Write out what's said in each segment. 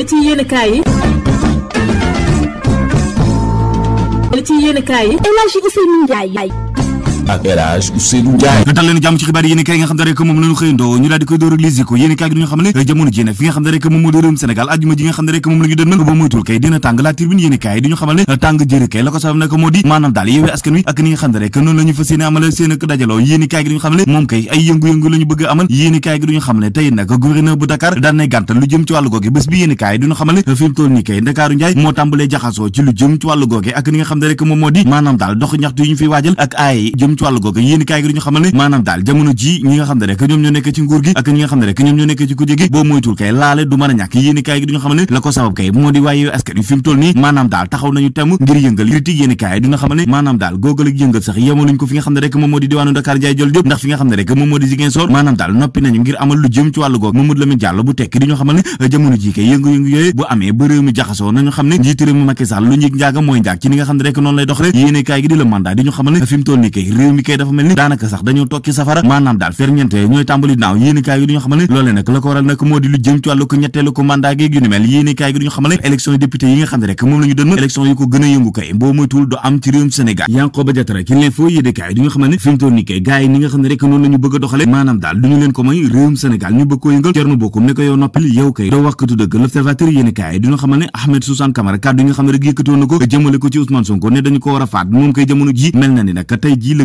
li ci yéen kaay yi li ci yéen kaay yi El Hadji Ousseynou Ndiaye ak El Hadj Ousseynou Ndiaye ñu daal tàng la kay la ko sabab nag moo maanaam daal yeewee askan wi ak ni nga xam ne rek noonu maanaam daal dox ñaxtu yu ñu fi waajal ak ay jëm ci wàllu googu yéen daal jamono ji nga xam ne rek moom moo di diwaanu Dakar jaay jol jëpp ndax fi nga xam ne rek moom moo di Ziguinchor maanaam daal noppi nañu ngir amal lu jëm ci wàllu googu Mamadou Lamine Diallo bu tekki diñu xamal ne jamono ji kay yëngu-yëngu yooyu bu amee ba jaxasoo nañu xam ne njiitu réew mi Macky Sall lu njig njaaga mooy njaag ci ni nga xam ne rek noonu lay dox rek yéen kaay gi di la mandat di ñu xamal ne fi mu toll nii kay réew rek moom la ñu dënn élection yi ko gën a yëngu kay boo moytuwul du am ci réewum Sénégal Yankhoba Diattara xamal ne fi mu kay gars ni nga xam ne rek noonu la ñu bëgg a doxale maanaam daal duñu leen ko may réewum Sénégal ñu bëgg koo yëngal Thierno Bocoum ne ko yow noppil yow kay doo wax katu xamal ne Ahmed Sousane Camara kàddu yi nga xam ne rek yëkkatoon na ko jëmale ko ci Ousmane Sonko ne dañu ko war a faat moom kay jamono ji mel na ni nag tey ji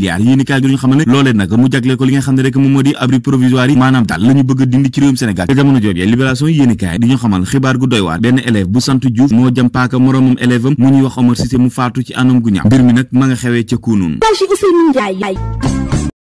milliards yéen i kaay xamal ne loolee nag mu jagle ko li nga xam ne rek moom moo di abri provisoire yi maanaam daal la bëgg a dindi ci réewum Sénégal te jamono jooju libération yéen i xamal xibaar gu doy benn élève bu sant Diouf moo jëm paaka moroomam élève mu ñuy wax Omar Cissé mu faatu ci anam gu ñaaw mbir mi nag ma nga xewee ca Kounoune